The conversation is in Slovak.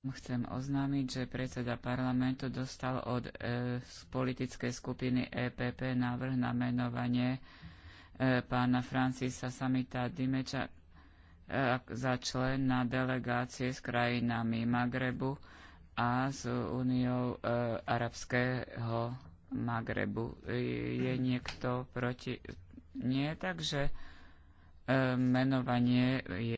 Chcem oznámiť, že predseda parlamentu dostal od e, politickej skupiny EPP návrh na menovanie e, pána Francisa Samita Dimeča e, za na delegácie s krajinami Magrebu a s Úniou e, arabského Magrebu. E, je niekto proti? Nie, takže e, menovanie je.